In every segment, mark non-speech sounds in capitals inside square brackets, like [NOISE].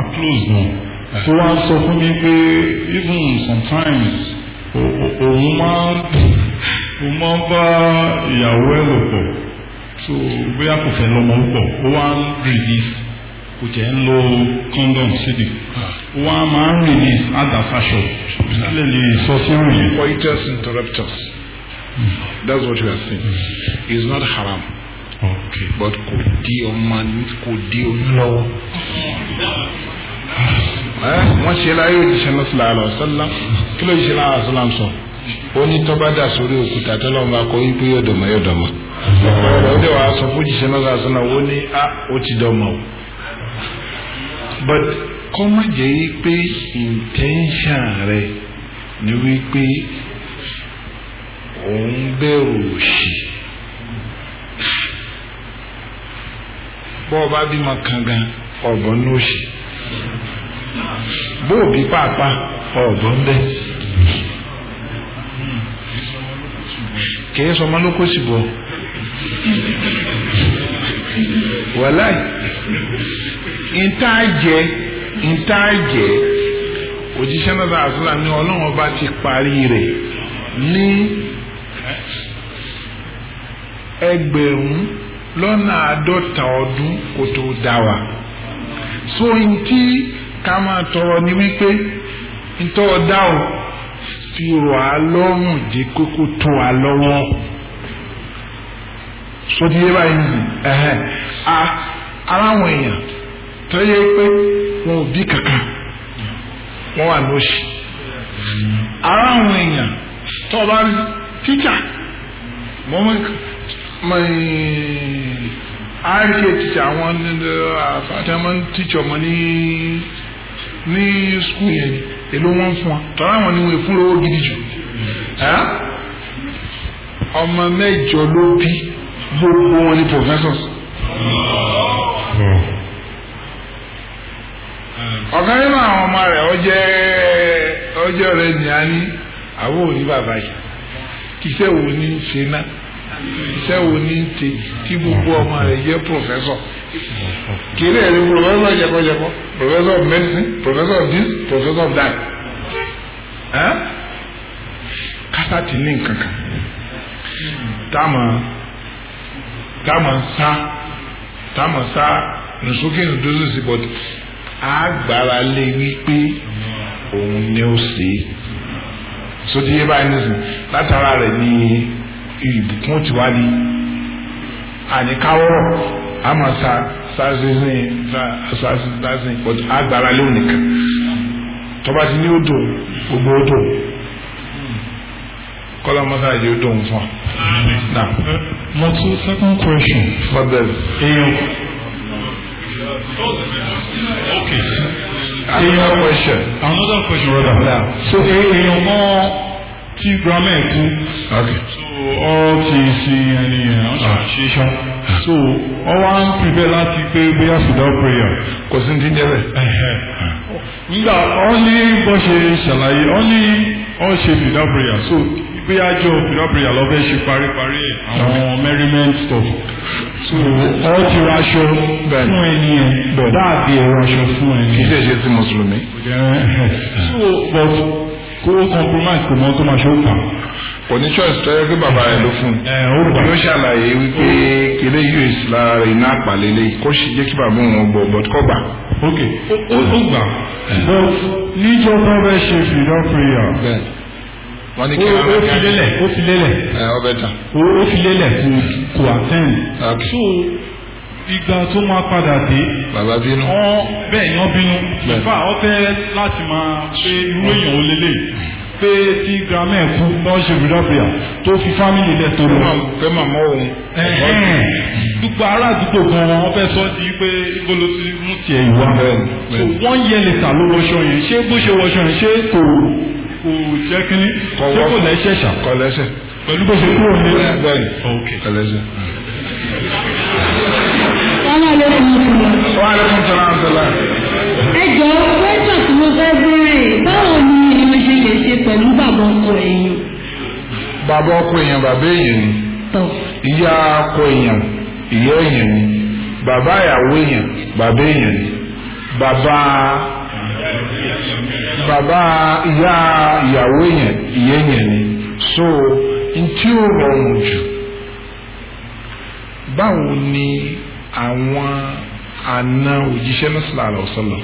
máa close gan tó sọ fún mi pé even sometimes òun máa òun máa ń bá ìyàwó ẹ̀ lò pọ̀ so bóyá kò fẹ́ lọ́mọ púpọ̀ ó wá ń release kò jẹ́ ń lo condom síbi ó wá máa ń release adàfàṣọ sílẹ̀ lè sọ sí òye. coitus interruptus that's what we are saying hmm. Is not haram. Okay. but kò di ọmọ kò di oyún lọ́wọ́ wọ́n ṣe láyé òjíṣẹ́ náà sílá àlọ́ sọ́lá kí ló ṣe láwọn àṣọ láǹsọ ó ní tọ́ bá dà sórí òkúta tó lọ́wọ́ bá kọ wípé yóò dọ̀mọ́ yóò dọ̀mọ́ ọ̀rọ̀ ọdẹ wàá sọ fún òjíṣẹ́ náà sọ́lá ó ní a ah, ó ti dọ̀mọ́ o but kọ́ má jẹ́ wípé intention rẹ ni wípé òun bẹ̀rù òṣì bọ́ọ̀ bá bímọ kan ọ̀bọ̀n ní òṣì. bụ obi kpakpa ọ bụ ndị ka ịsọ mmanụ kwesị bụ wàláì ntaajẹ òjíṣẹ́ náà àtúnlá ni ọlọ́run ti parí rẹ̀ ní ẹgbẹ̀rún lọ́nà àádọ́ta ọdún tó sórí tí ká máa tọrọ ni wípé ntọ́ ọ̀dá o fi rọ̀ á lọ́rùn jẹ́ kókó tó wa lọ́wọ́ sódì báyìí nìyí ẹ̀hẹ́ a aláwọn èèyàn tó yẹ pé wọn ò bí kankan wọn wà lóṣì aláwọn èèyàn tó bá rí tíjà mọ́mọ́ RCA teacher àwọn àfàtẹ́mọ́ teacher ọmọ ní ní school yẹn èló wọn fún wa tọ́lá àwọn ni wọ́n fún lówó gidi jù ọmọ mẹ́jọ ló bí gbogbo wọn ni professors. ọ̀kan nínú àwọn ọmọ rẹ̀ ọjẹ́ ọjẹ́ rẹ̀ ní a ní àwọn òní bàbá yìí kìsẹ́ wo ni ṣe náà iṣẹ́ wo ní tèyí tí gbogbo ọmọ rẹ̀ jẹ́ pòfẹ́sọ̀ kiri ẹ̀rí pòfẹ́sọ̀ jẹ́kọ́jẹ́kọ́ pòfẹ́sọ̀ of medicine pòfẹ́sọ̀ of this pòfẹ́sọ̀ of that kásá ti ní nǹkan kan táàmù táàmù sá táàmù sá nùsókè nùdúró sí bọ́dù àgbára lé e wípé òun ni ó ṣe é sotí yé báyìí nísìnyí látara rẹ̀ ní ìbùkún ti wá ní àníkáwọ́rọ̀ a máa sa sásìn ìpọ́tù agbára léwu nìkan tọ́ba ti ní odò gbogbo odò kọ́lá mọ́tà yìí odò ń fún wa. mo tún second question. fọdẹ. èèyàn. okay. another question. another question rather. so èèyàn mọ tí grandma ẹ kú. okay ọ ti ṣe any, ọ̀nà àṣeyọ. so wọ́n wá ń pìpẹ́ láti pé bóyá without prayer kò sí ti jẹ́ bẹ́ẹ̀. nígbà wọ́n ní bó ṣe ṣàlàyé wọ́n ní wọ́n ṣe without prayer so bóyá jọ without prayer lọ́fẹ́ ṣe paríparí ẹ̀ àwọn merriment stuff. so ọ ti raṣọ fún ẹni ẹ̀ dáàbì ẹ̀ raṣọ fún ẹni. kì í ṣe ṣe mùsùlùmí. so but kó compromise kò mọ tó máa ṣe ó kà kò ní choice tó yẹ pé bàbá rẹ̀ ló fún un yóò ṣàlàyé wípé kéré us lára rẹ̀ iná àpàlélé kó sì jẹ́ kí bàbá òun gbọ́ but kọ́ gbà. ok ó gbà but níjọ́ bá bẹ́ ṣe freedom prayer wọ́n ní kí wọ́n máa fi lélẹ̀ ó fi lélẹ̀ ó fi lélẹ̀ kò attend so ìgbà tó máa padà dé bàbá bínú wọ́n bẹ́ẹ̀ yan bínú ìfà ọ̀fẹ́ láti máa pé irú èèyàn ó lélẹ̀ pé tí grandma ẹ̀ kú náà ṣe bìdọ́bìà tó fi fámìlì lẹ̀ tó lọ. fẹ́ màmá òun. dúpọ̀ ará àdúgbò kan wọ́n fẹ́ sọ di pé ibolo ti mú tiẹ̀ ìwà. wọ́n yẹ lẹ́tà ló wọṣọ yẹn ṣé bó ṣe wọṣọ yẹn ṣé kò kò jẹ́ kínní ṣé kò lẹ́ṣẹ̀ ṣà. kò lẹ́ṣẹ̀. pẹ̀lú bó ṣe kúrò ní. bẹ́ẹ̀ni kò lẹ́ṣẹ̀. wàhálà ló ń bọ̀. wàhálà ló ń bọ̀. ẹ jọ̀ọ́ ló ṣe lè ṣe pẹ̀lú bàbá ọkọ èèyàn. bàbá ọkọ èèyàn bàbá èèyàn ni ìyá ọkọ èèyàn ìyá èèyàn ni bàbá ìyàwó èèyàn bàbá èèyàn ni bàbá bàbá ìyá ìyàwó èèyàn ìyá èèyàn ni so ntí ó rọrùn jù báwo ni àwọn àna òjíṣẹ́ náà sílẹ̀ àlọ́ sọ́lọ̀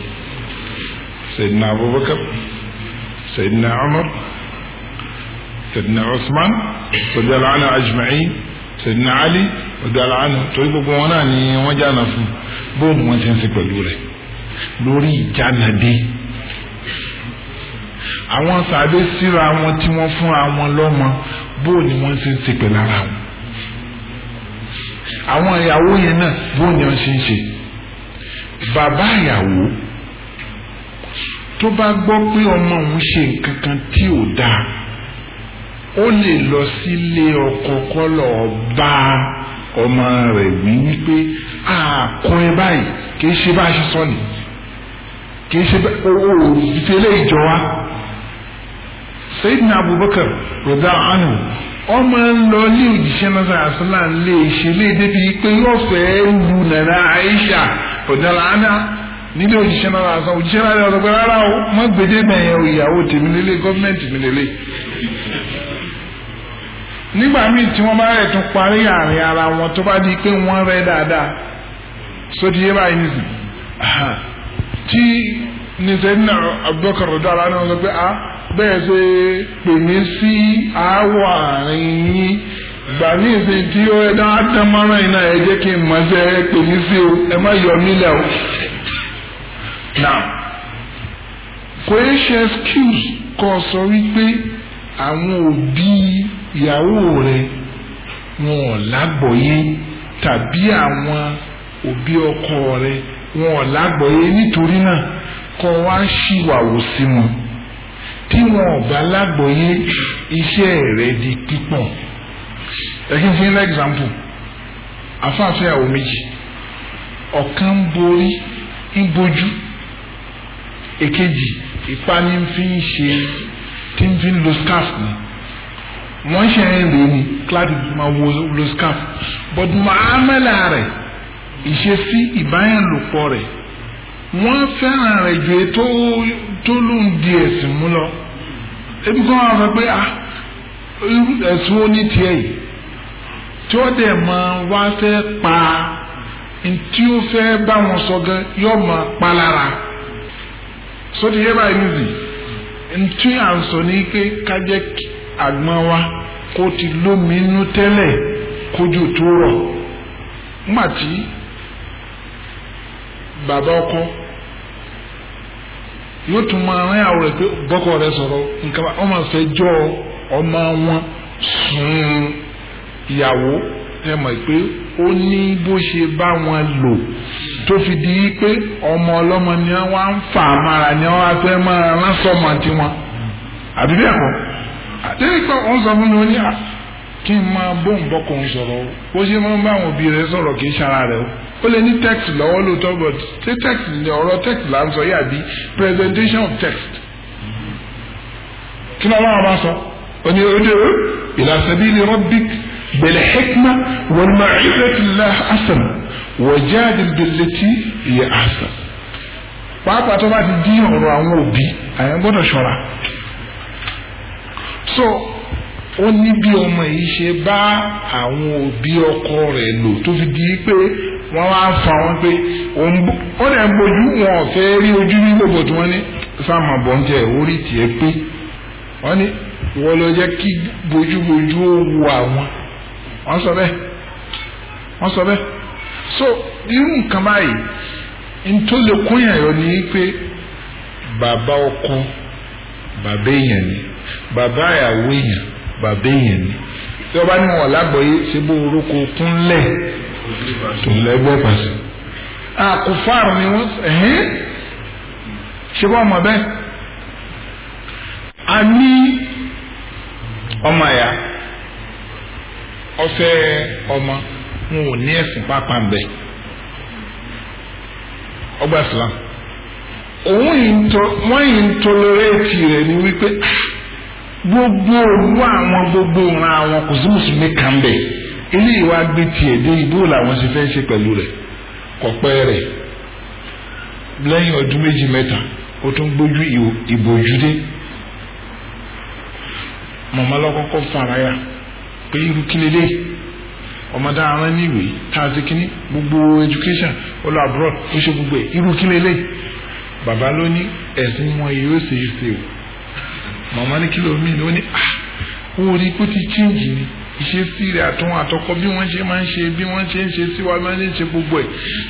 sẹ́yìn náà Abubakar. سيدنا عمر سيدنا عثمان رضي الله عنه أجمعين سيدنا علي ودل عنه طيب gbogbo wọn náà ni wọ́n jáná fún لوري wọn ti ń ṣe pẹ̀lú rẹ̀ lórí ìjánadé àwọn sàbẹ síra wọn tí wọ́n fúnra wọn lọ́mọ bóòlù wọn ti ń ṣe pẹ̀lú ara wọn àwọn ìyàwó yẹn náà bóòlù wọn ṣe ń ṣe bàbá ìyàwó tó bá gbọ́ pé ọmọ òun ṣe nǹkan kan tí ò dáa ó lè lọ sílé ọkọ kọ́lọ̀ bá ọmọ rẹ̀ wí wípé àkọ ẹ báyìí kì í ṣe bá a ṣe sọ ni kì í ṣe owó ìfẹ́lẹ́ ìjọ wa Sayyidina Abubakar rọ̀dá anu ọmọ ń lọ ilé òjíṣẹ́ náà sàásìlà lè ṣe léde bíi pé yóò fẹ́ lu nàrà Aisha rọ̀dá lánàá nílé òṣìṣẹ́ náà àṣà òṣìṣẹ́ náà yọ sọgbẹ́ rárá o mọ́ gbèdé bẹ̀yẹn ìyàwó tèmi lélẹ̀ gọ́ọ̀mẹ̀ntì mi lélẹ̀. nígbà míì tí wọ́n bá rẹ̀ tún parí àárín ara wọn tó bá di pé wọ́n rẹ̀ dáadáa sódì yé báyìí nìsín tí nìsẹ́ni náà Abubakar rọ̀dọ̀ ara náà sọ pé a ah, bẹ́ẹ̀ ṣe pè mí sí àáwọ̀ àárín yín gbà ní ìsìn tí ó ẹ dáadáa iná ẹ jẹ́ kí n mọ̀ ṣe pè mí sí o ẹ má yọ mí lẹ̀ o now kò é ṣe excuse kọ́ sọ wípé àwọn òbí ìyàwó rẹ̀ wọn ò lágbọ̀ọ́yé tàbí àwọn òbí ọkọ rẹ̀ wọn ò lágbọ̀ọ́yé nítorí náà kọ́ wá ṣìwàwò sí wọn tí wọn ò bá lágbọ̀ọ́yé iṣẹ́ rẹ̀ di pípọ̀ ẹ̀kí fún ilé example afáfẹ́ àwọn méjì ọ̀kan borí ń bojú èkejì ìpani fi ń ṣe tí ń fi ń lo scarf ni wọ́n ṣe ń rè ní kíláàsì tó máa wo lo scarf but màámẹ́là rẹ̀ ìṣesí ìbáyẹ̀lòpọ̀ rẹ̀ wọ́n fẹ́ràn rẹ̀ ju ètò tó ló ń di ẹ̀sìn mú lọ ebi kọ́ wọn fẹ́ pé ah ẹ̀sùn ó ní tiẹ̀ yìí tí ó dẹ̀ máa wá fẹ́ pa tí ó fẹ́ bá wọn sọ gan yóò máa pa lára so ti yé báyìí nìyí ntí à ń sọ ní pé kájẹ́ àgbọn wa kó ti lómi inú tẹ́lẹ̀ kójú tó rọ̀ ńgbà tí bàbá ọkọ yóò tún máa rán ìyàwó rẹ̀ pé bọ́kọ rẹ̀ sọ̀rọ̀ nǹkan bá ọmọ fẹ́ jọ ọmọ wọn sùn ìyàwó ẹ mọ̀ pé ó ní bó ṣe bá wọn lò tó fi di pé ọmọ ọlọ́mọ ni wọ́n á ń fà mára ni wọ́n á fẹ́ máa rán sọ́mọ tiwọn àbí bẹ́ẹ̀ kọ́ àtẹ́lẹ́ pé wọ́n sọ fún mi wọ́n ní à kí n máa bóun bọ́kùnrin sọ̀rọ̀ o ó ṣe máa ń bá àwọn òbí rẹ̀ sọ̀rọ̀ kì í ṣara rẹ̀ o ó lè ní text lọ́wọ́ lóòótọ́ but ṣé text ni ọ̀rọ̀ text là ń sọ yìí àbí presentation of text kí ni ọlọ́run bá sọ ó ní ó ìlàsẹ̀bí ni rọ́bíkì. بالحكمة والمعرفة الله حسن وجادل بالتي هي أحسن pàápàá tó bá ti dín ọ̀rọ̀ àwọn òbí so ó ní bí ọmọ yìí ṣe bá àwọn òbí ọkọ rẹ̀ lò tó fi di pé wọ́n wá fa wọn pé ó dẹ̀ ń bójú wọn ò fẹ́ rí ojú ní gbogbo tí wọ́n ní sáàmù àbọ̀njẹ́ orí tiẹ̀ pé wọ́n ní wọ́n lọ jẹ́ kí bójúbójú ó wu àwọn wọ́n sọ bẹ́ẹ̀ wọ́n sọ bẹ́ẹ̀ so irú nǹkan báyìí ntọ́lẹ̀ kún yàn yọ ni pé bàbá ọkọ bàbá èèyàn ni bàbá ìyàwó èèyàn bàbá èèyàn ni tí wọ́n bá ní wọn lágbọ̀ọ́yé ṣe bó orúkọ kúnlẹ̀ tó lẹ́gbẹ́ pàṣẹ. àkùfáàrù ni wọ́n ẹ̀hìn ṣe bá ọmọ bẹ́ẹ̀ a ní ọmọ ẹ̀yà ọfẹ ọmọ wọn ò ní ẹ̀sìn pápá bẹ ọgbà islam òun yìí wọn yìí ń tolerate rẹ ni wípé gbogbo òwú àwọn gbogbo ìran àwọn kò sí mùsùlùmí kan bẹ ilé ìwà gbé tiẹ̀ dé ibú làwọn ṣe fẹ́ ṣe pẹ̀lú rẹ̀ kọ̀pẹ́ rẹ̀ lẹ́yìn ọdún méjì mẹ́ta ó tún gbójú ìbòjú dé mọ̀mọ́lọ́kọ́kọ́ fara ya pé irú kí lélẹ́yìí ọmọdé àwọn níwèé tààtì kínní gbogbo education ọlọ abroad ó ṣe gbogbo ẹ irú kí lélẹ bàbá ló ní ẹsìn wọn yóò ṣe é ṣe o màmá ní kìlọ̀ mi ló ní à ah, ó rí kó ti chíǹjì ni ìṣesí rẹ̀ àtọwọn àtọkọ bí wọ́n ṣe máa ń ṣe bí wọ́n ṣe ń ṣe sí wa máa ń ṣe gbogbo ẹ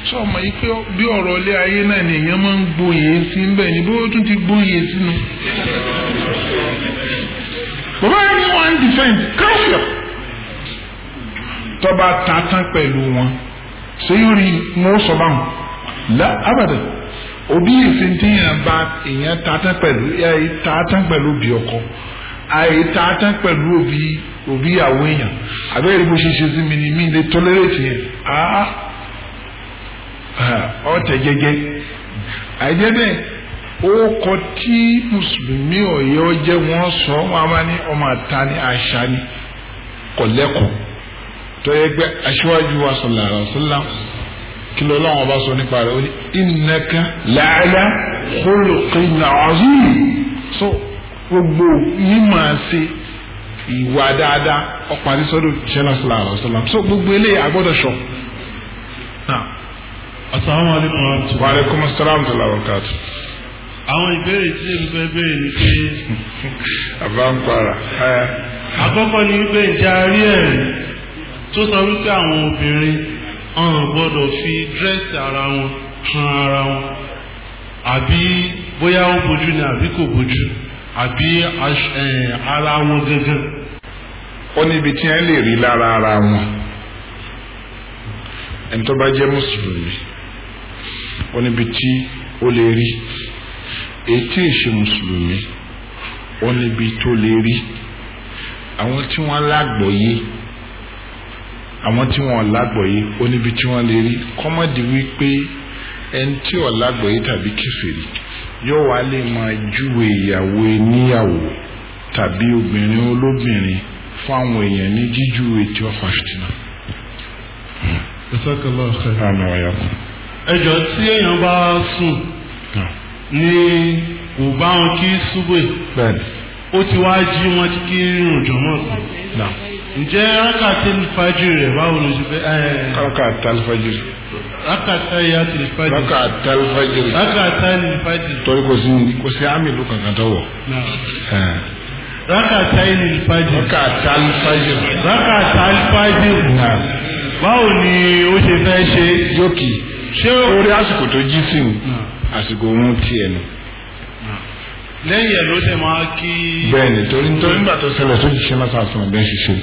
sọ ọmọ yìí pé bí ọ̀rọ̀ ilé ayé náà ni èèyàn máa ń gboyè sí ń bẹ ni bí ó tún ti gboyè sínú. bàbá yẹn ní one defense káfíọ̀ tọ́ba tàntàn pẹ̀lú wọn seyori mo sọ báwọn la abada òbí ìsìntìyàn bá èèyàn tàntàn pẹ̀lú ẹ̀ eh, tàntàn pẹ̀lú bí ọkọ àì tàntàn pẹ̀lú òbí òbí ìyàwó èèyàn abẹ́rẹ́ bó ṣe ṣe sí mi ni mí lè tọ́lẹ́rẹ́tì yẹn ah! ah ọ̀tẹ̀ jẹ́jẹ́ àìjẹ́ bẹ́ẹ̀ orúkọ tí mùsùlùmí ọ̀yẹ́ ọ jẹ́ wọ́n sọ wọn a máa ní ọmọ àta ní àṣà ni kọ̀lẹ́kọ̀ọ́ tó yẹ pé aṣíwájú wa sallallahu alaihi wasallam kí ló lọ́wọ́ bá sọ nípa rẹ̀ ó ní innaka la'ala khuluqin azim so gbogbo yìí máa ṣe ìwà dáadáa ọ̀parí sọ́dọ̀ ṣẹlá sallallahu alaihi wasallam so gbogbo eléyìí agbọ́dọ̀ sọ. asalaamualeykum wa rahmatulahi. wa asalaam wa rahmatulahi àwọn ìbéèrè tí èmi fẹ́ béèrè ni pé. [LAUGHS] àbá ń ni wípé ìjà rí ẹ̀rí tó sọ wípé àwọn obìnrin ọ̀n gbọ́dọ̀ fi dírẹ́sì ara wọn han ara wọn àbí bóyá ó bójú ni àbí kò bójú àbí eh, ara wọn gangan. ó níbi tí ẹ lè rí lára ara wọn ẹni tó bá jẹ́ mùsùlùmí ó níbi tí ó lè rí èyí tí èsì mùsùlùmí ó níbi tó lè rí àwọn tí wọ́n lágbọ́yé àwọn tí wọ́n lágbọ̀ọ́yé ó níbi tí wọ́n lè rí kọ́mọ́dì wípé ẹni tí ò lágbọ̀ọ́yé tàbí kèfèrí yóò wá lè máa júwe ìyàwó níyàwó tàbí obìnrin olóbìnrin fún àwọn èèyàn ní jíjúwe tí ó fa fìtínà. ẹjọ́ tí èèyàn bá sùn ní kò bá wọn kí súbẹ̀ ó ti wá jí wọn kí rìn òjò mọ̀ sí ǹjẹ́ rákàtà alifájì rẹ̀ báwo ló ṣe fẹ́ ẹ̀. rákàtà alifájì rẹ̀. rákàtà ìyá alifájì. rákàtà alifájì rẹ̀. rákàtà alifájì. torí kò sí kò sí àmìlú kankan tó wọ̀. rákàtà alifájì. rẹ̀. rákàtà alifájì rẹ̀. báwo ni ó ṣe fẹ́ ṣe. yókì ṣé orí àsìkò tó jí sí ni àsìkò òun tiẹ̀ nù lẹ́yìn ẹ̀ ló ṣe máa kí. bẹ́ẹ̀ni torí nígbà tó ṣẹlẹ̀ tó jíṣẹ́ lásán àtúnmọ̀ bẹ́ẹ̀ ṣiṣẹ́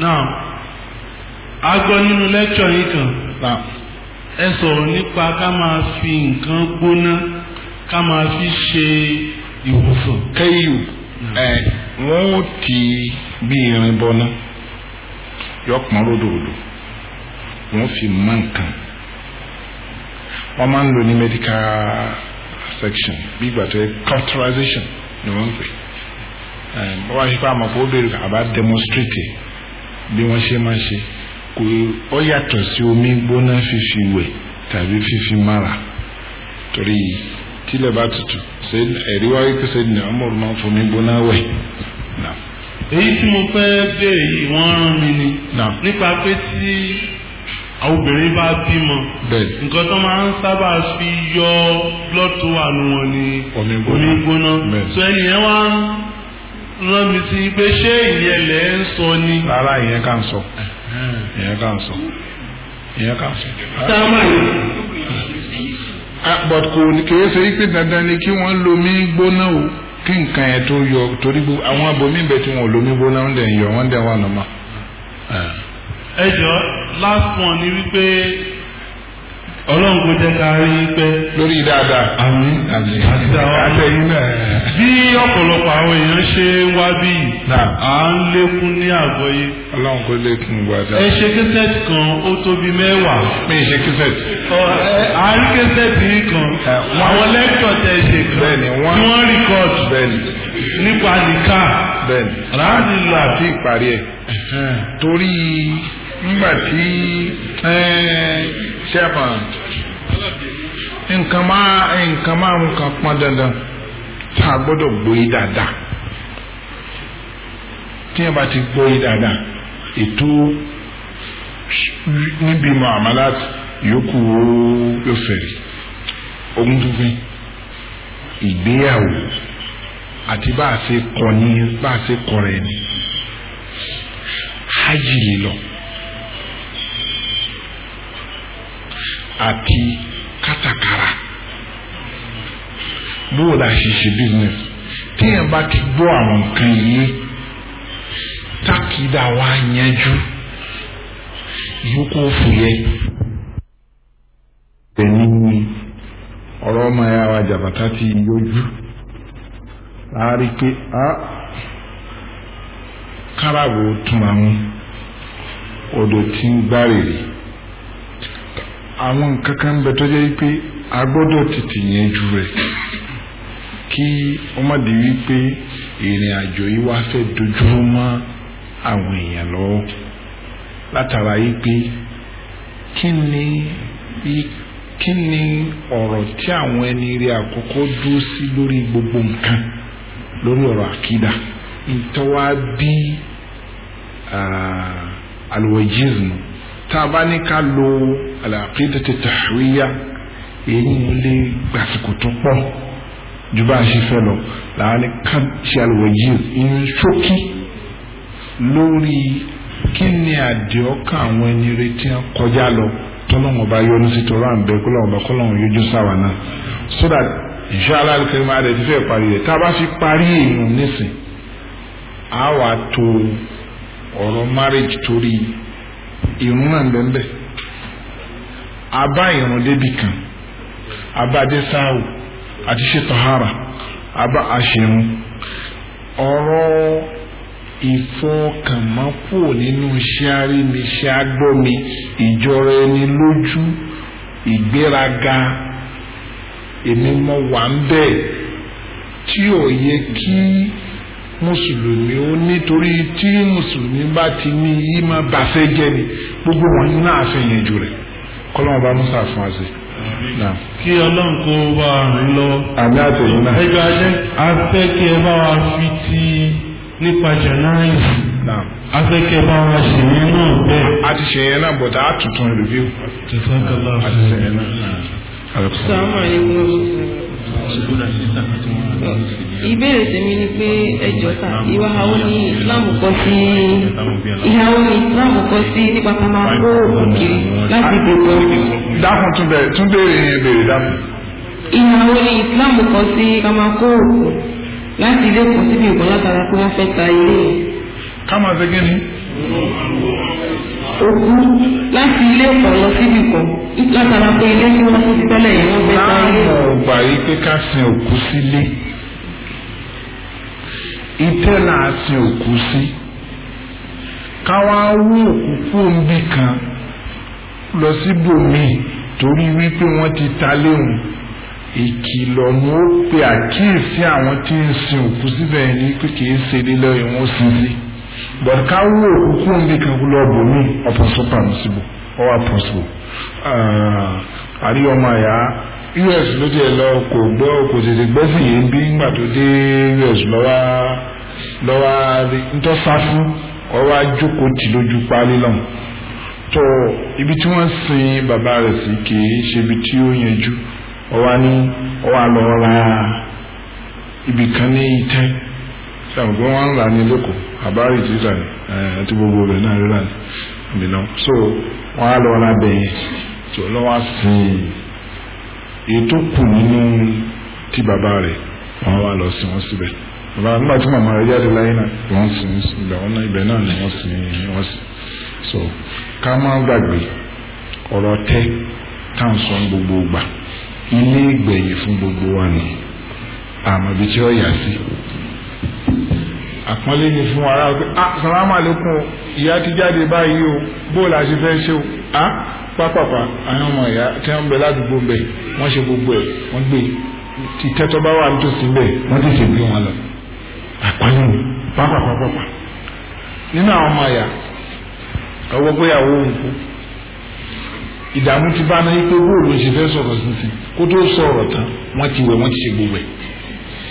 now a gbọ́ nínú lẹ́kṣọ̀ yìí kan ẹ sọ̀rọ̀ nípa ká máa fi nǹkan gbóná ká máa fi ṣe ìwòsàn. kẹ́yù hmm. ẹ wọ́n ti bí irin bọ́ná yọ ródòdò wọ́n fi mọ nǹkan wọ́n máa ń lò ní medical section bí ìgbà tó yẹ cauterization ni wọ́n ń pè wọ́n wá ṣe pé àmọ́ kó bèrè àbá demonstrate e. bí wọ́n ṣe máa ṣe kò ó yàtọ̀ sí omi gbóná fífi wẹ̀ tàbí fífi mára torí tílẹ̀ bá tutù ẹ̀rí wá wípé sẹ́yìn ní ọmọ máa ń fomi gbóná wẹ̀. èyí tí mo fẹ́ bèèrè ìwọ̀n rán mi ni nípa pé tí obìnrin bá bímọ nǹkan tó máa sábà fi yọ blood wà nù wọn ni omi gbóná so wá rán mi sí pé ṣé ìyẹn lẹ̀ ń sọ ni. rárá ìyẹn kà ń sọ ìyẹn kà ń sọ ìyẹn kà ń sọ. sáàmàlì. Ah, but kò kìí ṣe ipe dandan ni kí wọ́n lomi gbóná o kí nǹkan yẹn tó yọ torí gbogbo àwọn abomi bẹ tí wọn ò lomi gbóná ń dẹ̀ yọ wọ́n dẹ̀ wà lọ́mọ. ẹ jọ last one ni wípé ọlọ́run kò jẹ́ ká rí pẹ́. lórí dáadáa. àmín àmín àtẹ̀yìn náà. bí ọ̀pọ̀lọpọ̀ àwọn èèyàn ṣe ń wá bí à ń lékún ní àgbọ́yé. ọlọ́run kò lékún gbàdá. ẹ ṣe kẹsẹ̀tì kan ó tóbi mẹ́wàá. mi ṣe kẹsẹ̀tì. a rí kẹsẹ̀tì yìí kan àwọn lẹ́kítọ̀ tẹ ṣe kan tí wọ́n rìkọ́ọ̀dù nípa nìka. bẹ́ẹ̀ni ráàdì lọ tí chairman nǹkan máa nǹkan máa ń kan pọn dandan tá a gbọ́dọ̀ gbóyè dáadáa tí yẹn bá ti gbóyè dáadáa ètò níbi muamalat yòókù yóò fẹ̀rẹ̀ ogun tuntun ìgbéyàwó àti bá a ṣe kọ ní bá a ṣe kọ rẹ̀ ni hajj lè Ati katakara bóò la ṣe ṣe business téèyàn bá ti gbọ́ àwọn nǹkan yìí tákìdá wa yanjú ìyókù fúyẹ́ ẹni ọ̀rọ̀ ọmọ wa jàbàtà ti yọjú láàárín pé a káràbò tún àwọn tí àwọn nǹkan kan bẹ tó jẹ́ pé a gbọ́dọ̀ tètè yẹn ju rẹ̀ kí ọmọdé wípé ìrìn àjò yìí wá fẹ́ dojúrú mọ́ àwọn èèyàn lọ́wọ́ látara yìí pé kí ni ọ̀rọ̀ tí àwọn ẹni rí àkọ́kọ́ dúró sí lórí gbogbo nǹkan lórí ọ̀rọ̀ àkídà ìtọ́wá bí alwajism tá a bá ní ká lo. àlàkídàtì tàwíyà èyí ń lé gbàsìkò tó pọ̀ ju bá a ṣe fẹ́ lọ làwọn ká ṣe àlùwẹ̀jì ìyún ṣókí lórí kí ni àdìọ́kà àwọn ẹni retí kọjá lọ tọ́lọ́wọ́n bá yọ lọ́sí tó rà ń bẹ kó so that inshallah alikiri máa rẹ̀ ti fẹ́ parí rẹ̀ tá fi parí èèyàn nísìn á wà tó marriage torí ìrún náà ń a bá ìrun kan a bá dé sáàwù àti ṣe tọ́hárà a bá àṣẹrun ọ̀rọ̀ ìfọkànmọ́pò nínú iṣẹ́ arími iṣẹ́ agbọ́mi ìjọra ẹni lójú ìgbéraga èmi mọ wà ń bẹ̀ tí ò yẹ kí mùsùlùmí ó nítorí tí mùsùlùmí bá ti ní yí má bàfẹ́ jẹ́ ni gbogbo wọn náà fẹ́ yẹn rẹ̀. kọ́lọ́wọ́n bá musa fún àṣẹ. kí ọlọ́run kó bá a rìn lọ́wọ́. àmì àtẹ̀yìn náà. ẹgbẹ́ ajẹ́ a fẹ́ kí ẹ bá wa fi ti nípa jẹ̀náìsì. a fẹ́ kí ẹ bá wa ṣe yẹn náà bẹ́ẹ̀. a ti ṣe yẹn náà bọ̀ tá a tuntun review. tẹ̀sán kọ́lá fún mi. a ti ṣe yẹn náà. sàmà ni wọ́n sọ ìbéèrè tèmi ni pé ẹjọ́ ta ìwà àwọn ní ìsìláàmù kọ́ sí ìhà àwọn ní ìsìláàmù kọ́ sí nípa tá a máa kó òkèèrè láti gbogbo. dákun tún bẹ̀rẹ̀ tún béèrè yẹn béèrè dákun. ìhà àwọn ní ìsìláàmù kọ́ sí ká máa kó òkú láti ilé kan síbi ìgbọ́n látara pé wọ́n fẹ́ ta ilé ká máa fẹ́ gé ni. òkú láti ilé kan lọ síbi kan látara pé ilé tí wọ́n ti tẹ́lẹ̀ yìí wọ́n fẹ́ ta ilé. láwọn ọgbà yìí pé ká sin òkú sílé ìtẹ́ náà sin òkú sí káwá wú òkú fún bí kan lọ síbòmíì torí wípé wọ́n ti ta léwu ìkìlọ̀ ni ó pe àkíyèsí àwọn tí ń sin òkú síbẹ̀ ní pé kì í ṣe lílọ ìwọ̀n sísí bọ̀dká wú òkú fún bí kan lọ bòmíì ọ̀pọ̀ sọ́pàmù síbò ọ̀wà pọ̀ síbò. Eh, àrí ọmọ àyà us ló tiẹ̀ lọ kò gbọ́ kò tètè gbọ́ sí yìí bí ńgbà tó dé us lọ́wọ́ lọ́wọ́ ntọ́sáfú ọwọ́ ajókòó tì lójú pálí ibi tí wọ́n sin bàbá rẹ̀ sí ṣe ibi tí ó yanjú ọwọ́ ní ọwọ́ kan ní ìtẹ́ wọn ń rà ní lóko eh, gbogbo rẹ̀ náà mìíràn so wọn á lọ ra bẹyẹ tó lọ́wọ́ sí ètò kù nínú tí bàbá rẹ̀ wọn wá lọ sí wọn síbẹ̀ bàbá nígbà tí màmá rẹ̀ jáde láyé náà wọn sì ń sìn wọn náà ibẹ̀ náà ni wọn sì ń wọn sì so ká má gbàgbé ọ̀rọ̀ tẹ́ tá à ń sọ gbogbo gbà ilé ìgbẹ̀yìn fún gbogbo wa nù àmọ́ ibi tí ó yà sí àpọ́nlé ni fún ara pé ah salamu aleykum ìyá ti jáde báyìí o bó la ṣe fẹ́ ṣe o ah pápápá àwọn ọmọ ìyá tí wọ́n ń bẹ ládùúgbò ń bẹ wọ́n ṣe gbogbo ẹ̀ wọ́n gbé ìtẹ́tọ́ bá wà nítòsí bẹ́ẹ̀ wọ́n tètè gbé wọn lọ àpọ́nlé ni pápápápápá nínú àwọn ọmọ ìyá ọwọ́ pé àwọn òǹkú ìdààmú ti bá náà yí pé bóòlù ṣe fẹ́ sọ̀rọ̀ sísìn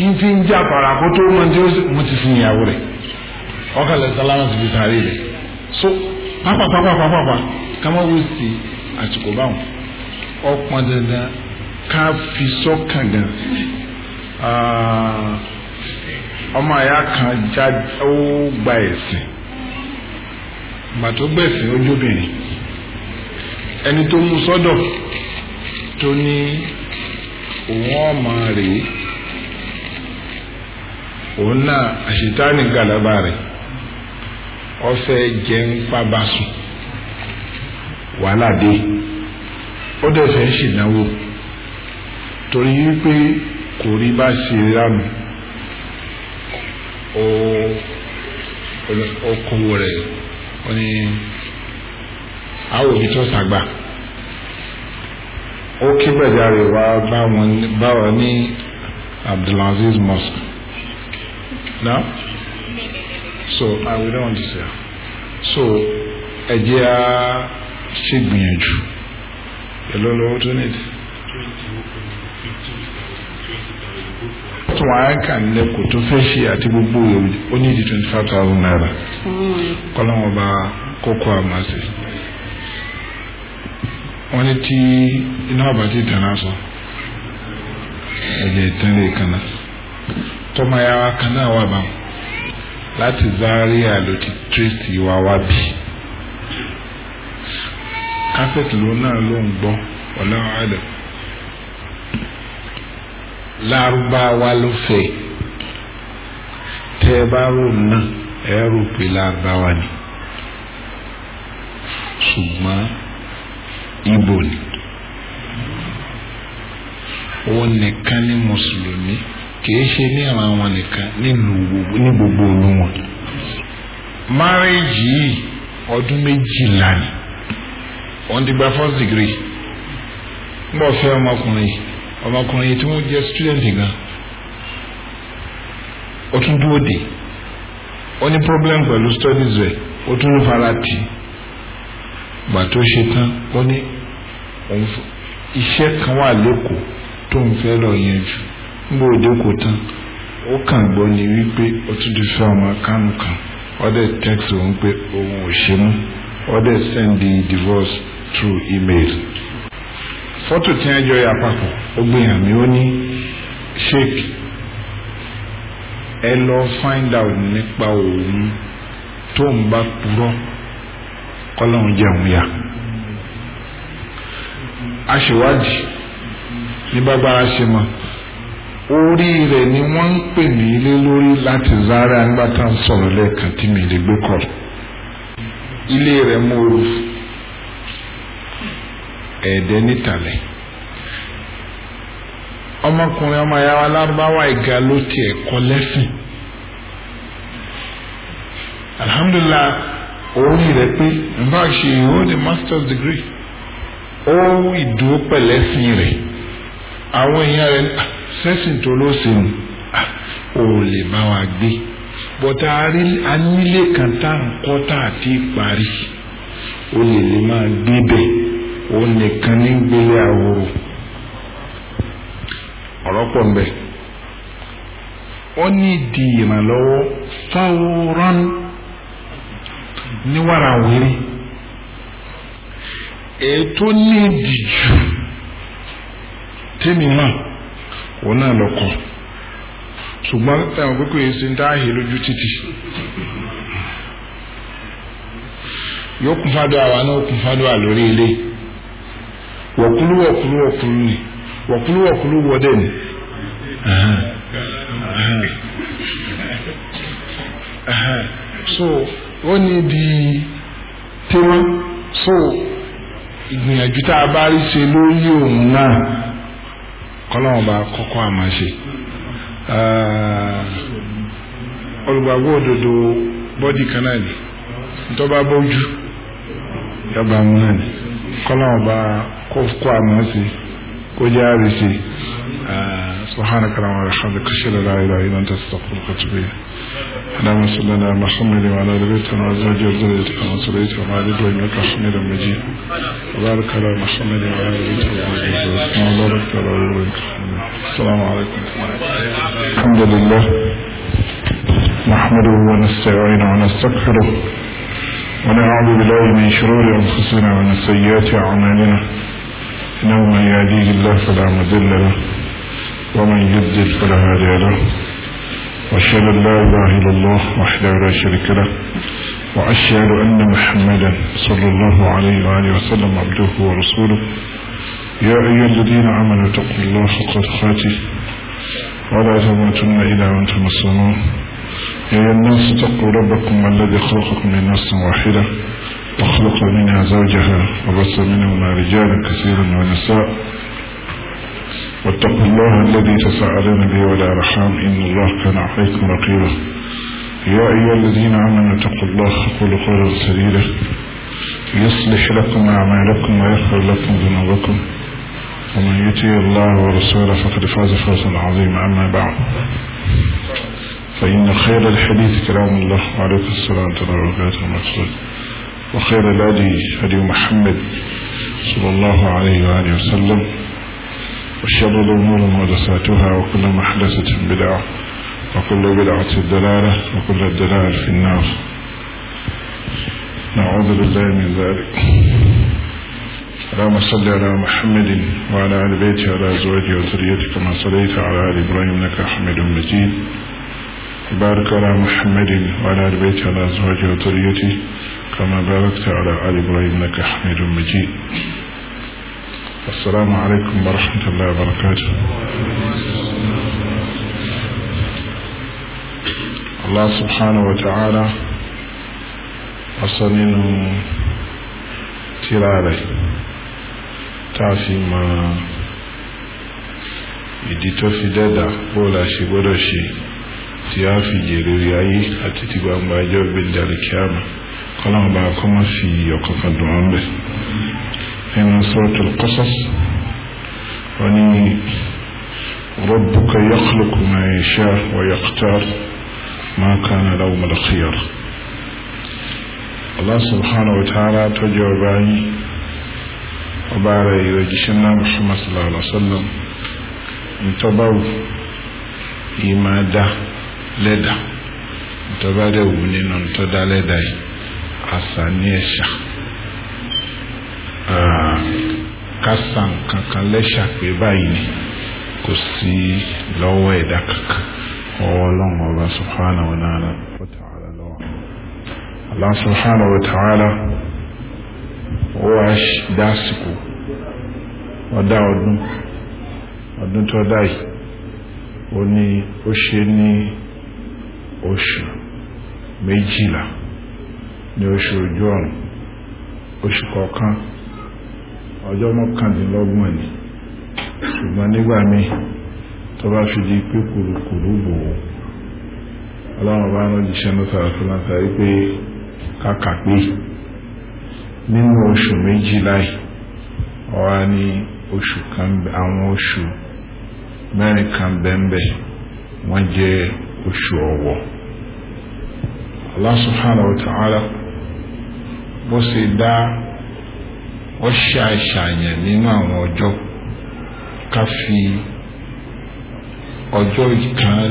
nfi ń jà para kó tó mọ tí mo ti sin ìyàwó rẹ̀ ọkàlẹ̀ sálámà ti fi sàárè rẹ̀ so papa kámọ́ wo sí àsìkò báwọn ọpọn dandan ká fi sọ́kàn gan ah, ọmọ àyà kan já ó gba ẹ̀sìn ìgbà tó gbẹ̀sìn ojóbìnrin ẹni tó mú sọ́dọ̀ tó ní òun ọmọ rèé òun náà àṣetánì galaba rẹ̀ ọfẹ jẹ ń pàbà sùn wàhálà dé ó dẹ̀ fẹ́ ṣìnáwó torí wípé kò rí bá ṣe ránu okòwò rẹ̀ ó ní àwòrán sàgbà ó kí gbẹ̀járe wá bá wọn ní Abdulaziz mosque na so i will not understand so ẹ jẹ́ a ṣe gbìyànjú èló lọ́wọ́ tó ní ti. tí wọ́n á kà lẹ́kọ̀ọ́ tó fẹ́ ṣe àti gbogbo òwe ó ní di twenty five thousand naira kọ́lọ́wọ́n bá kókó àmásì wọ́n ní tí iná àbátí tẹ̀ náà sọ ẹ̀jẹ̀ tẹ̀ lè kànáà tọ́mọ ya wa kan náà wà bá láti Zaria ló ti tracy wa wá bí kápẹ́tì ló náà ló ń gbọ́ ọ̀làwọ̀ àdàm lárúbáwá ló fẹ́ tẹ́ ẹ bá rò náà ẹ rò pé lárúbáwá ni ṣùgbọ́n ibo ni òun nìkan ni mùsùlùmí kìí ṣe ní ìran wọn nìkan ní gbogbo olú wọn márẹ́jì yìí ọdún méjìlá ni wọ́n ti gba first degree ń bọ̀ fẹ́ ọmọkùnrin ọmọkùnrin tí wọ́n jẹ́ student gan ó tún dúró dé ó ní problem pẹ̀lú studies rẹ̀ ó tún ń fara tì gbà tó ṣe tán ó ní iṣẹ́ kan wà lóko tó ń fẹ́ lọ yẹn jù mgbe òde kò tán ó kàn gbọ́ ni wípé otu di ti fẹ́ ọmọ kánú kan ọdẹ text òun pé òun o ṣe mú ọdẹ send divorce through email. fọ́tò tinye jọ yà papọ̀ ó gbìyànjú ó ẹ find out nípa òun tó ń bá purọ́ kọ́lọ́hún jẹun yá aṣèwádìí ní orí rẹ̀ ni wọ́n ń pè mí lé lórí láti Zaria nígbà tá à ń sọ̀rọ̀ lẹ́ẹ̀kan tí mi lè gbé kọ̀ ilé rẹ̀ mòrò ẹ̀ẹ́dẹ́ nítàlẹ̀ ọmọkùnrin ọmọ ayáwa lárúbáwá ìga ló tiẹ̀ kọ́ lẹ́sìn alhamdulillah orí rẹ̀ pé in fact she hold a master's degree ó ìdúró pẹ̀lẹ́sìn rẹ̀ àwọn èèyàn rẹ̀ ń sẹ́sìn tó ló ṣeun ò lè bá wa gbé bọ́tà anílé kan tá à ń kọ́ tá à parí ó lè lè máa gbé bẹ́ẹ̀ ó nìkan ní gbélé àwòrò ọ̀rọ̀ pọ̀ ń bẹ. ó ní di ìrànlọ́wọ́ fáwọ́rán ní òun náà lọ kọ ṣùgbọ́n ẹ̀wọ̀n pé kò yẹ ṣe ń dáhì lójú títì yóò kún fádùá wa náà kún fádùá lórí ilé wọ̀kúlú wọ̀kúlú wọ̀kúlú ni wọ̀kúlú wọ̀kúlú wọ́dẹ̀ ni. so ó ní di tiwọn so ìgbìyànjú tá a bá rí ṣe lórí òun náà ọlọ́run bá kọ́kọ́ àmà ṣe olùgbàgbọ́ òdodo bọ́dì kan náà ni tó bá bójú yọba mu náà ni kọ́lọ́run bá kọ́kọ́ àmà ṣe kó jẹ́ àrèsè subhanaka wa rahmatulahi wa rahmatulahi wa rahmatulahi. اللهم صل على محمد وعلى ال بيته وازواجه وذريته كما صليت وعلى ابراهيم انك حميد مجيد وبارك على محمد وعلى ال بيته وازواجه كما باركت على ابراهيم السلام عليكم الحمد لله نحمده ونستعينه ونستغفره ونعوذ بالله من شرور انفسنا ومن سيئات اعمالنا انه من يهديه الله فلا مضل له ومن يضلل فلا هادي له وأشهد أن لا إله إلا الله وحده لا شريك له وأشهد أن محمدا صلى الله عليه وآله وسلم عبده ورسوله يا أيها الذين آمنوا اتقوا الله حق تقاته ولا تموتن إلا وأنتم مسلمون يا أيها الناس اتقوا ربكم الذي خلقكم من نفس واحدة وخلق منها زوجها وبث منهما رجالا كثيرا ونساء واتقوا الله الذي تساءلون به والأرحام إن الله كان عليكم رقيبا يا أيها الذين آمنوا اتقوا الله قولوا قولا سديدا يصلح لكم أعمالكم ويغفر لكم ذنوبكم ومن يطع الله ورسوله فقد فاز فوزا عظيما أما بعد فإن خير الحديث كلام الله وعليكم السلام ورحمة الله وبركاته وخير الهدي هدي محمد صلى الله عليه وآله وسلم وشر الأمور محدثاتها وكل محدثة بدعة وكل بدعة دلالة وكل الدلال في النار نعوذ بالله من ذلك اللهم صل على محمد وعلى آل بيته وعلى أزواجه وذريته كما صليت على آل إبراهيم إنك حميد مجيد بارك على محمد وعلى آل بيته وعلى أزواجه وذريته كما باركت على آل إبراهيم إنك حميد مجيد السلام عليكم ورحمة الله وبركاته الله سبحانه وتعالى أصنين تراري تعسيم ما tó fi dẹ́dà bóòlà ṣe gbọ́dọ̀ ṣe tí a fi jèrè rí ayé àti ti gbangba ẹjọ́ gbé dàrí kíámà kọ́lọ́mù bá kọ́mọ́ fi ọ̀kọ̀ọ̀kan dùn ọ́n bẹ́ẹ̀. من سورة القصص واني ربك يخلق ما يشاء ويختار ما كان لهم الخير الله سبحانه وتعالى توجه باي وبارى يوجشنا محمد صلى الله عليه وسلم انتبهوا إما دا لدى انتبهوا نينو انتدى لدى أسانيشا kásá nǹkan kan lẹ́ṣà pé báyìí ni kò sí lọ́wọ́ ẹ̀dá kankan ọwọ́ ọlọ́run ọba subhanahu wa ta'ala lọ́wọ́ Allah subhanahu wa ta'ala ó wá dá àsìkò ọ̀dá ọdún ọdún tó dá yìí ó ní ó ṣe ní oṣù méjìlá ní oṣù ojú ọ̀run oṣù kọ̀ọ̀kan ọjọ́ mọ́kàndínlọ́gbọ̀n ni ṣùgbọ́n nígbà míì tó bá fi di pé kùrùkùrù bò ó ọlọ́run bá rán jíṣẹ́ ní sàrásíláńtà pé kàkà pé nínú oṣù méjìlá yìí ní oṣù kan àwọn oṣù mẹ́rin kan bẹ́ńbẹ́ wọ́n jẹ́ oṣù bó ṣe Ọ ṣàṣàyàn nínú àwọn ọjọ́ ká ọjọ́ kan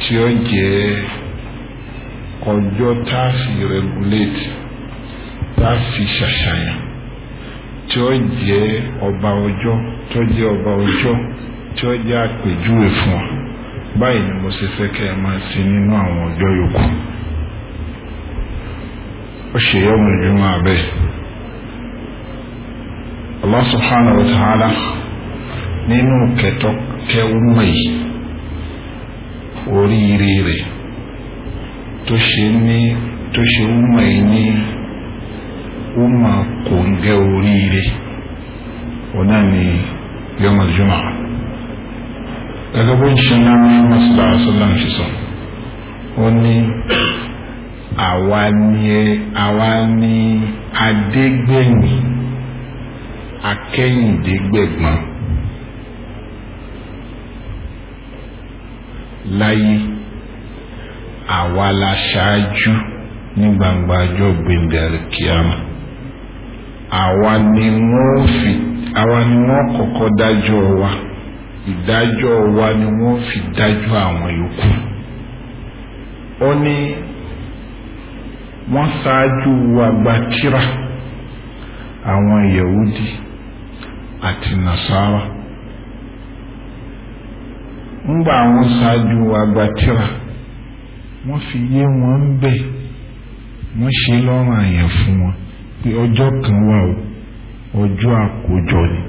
tí ó jẹ́ ọjọ́ tá fi regulate fi ṣàṣàyàn tí ó ọba ọjọ́ tí ó ọba ọjọ́ tí ó jẹ́ àpèjúwe fún wa báyìí ni mo ṣe fẹ́ kẹ́ ẹ máa nínú àwọn ọjọ́ yòókù ó ṣe Allah subhanahu wa ta'ala nínú kẹtọ kẹwùmọ yìí oríire rẹ̀ tó ṣe ní tó ṣe wùmọ yìí ní wùmọ kòǹgẹ́ oríire ọ̀nà ni yọmọ jùmọ̀ gẹ́gẹ́ bó ń ṣe náà Muhammad sallallahu alaihi wasallam ṣe ó ní àwa ni àwa ni adégbèmí akẹ́yìndé gbẹ̀gbọ́n láyé àwa la ṣáájú ní gbangba ọjọ́ gbẹ̀ngàrì kíámà àwa ni wọ́n fi àwa ni wọ́n kọ́kọ́ dájọ́ wa ìdájọ́ wa ni wọ́n fi dájọ́ àwọn yòókù ó ní wọ́n ṣáájú wa gba tírà àwọn Yahudi. àti nasara Mgbe àwọn ṣáájú agbatira wọ́n fi yé wọn ń bẹ wọ́n ṣe lọ́rùn àyẹ̀ fún wọn pé ọjọ́ kan wà o ọjọ́ àkójọ ni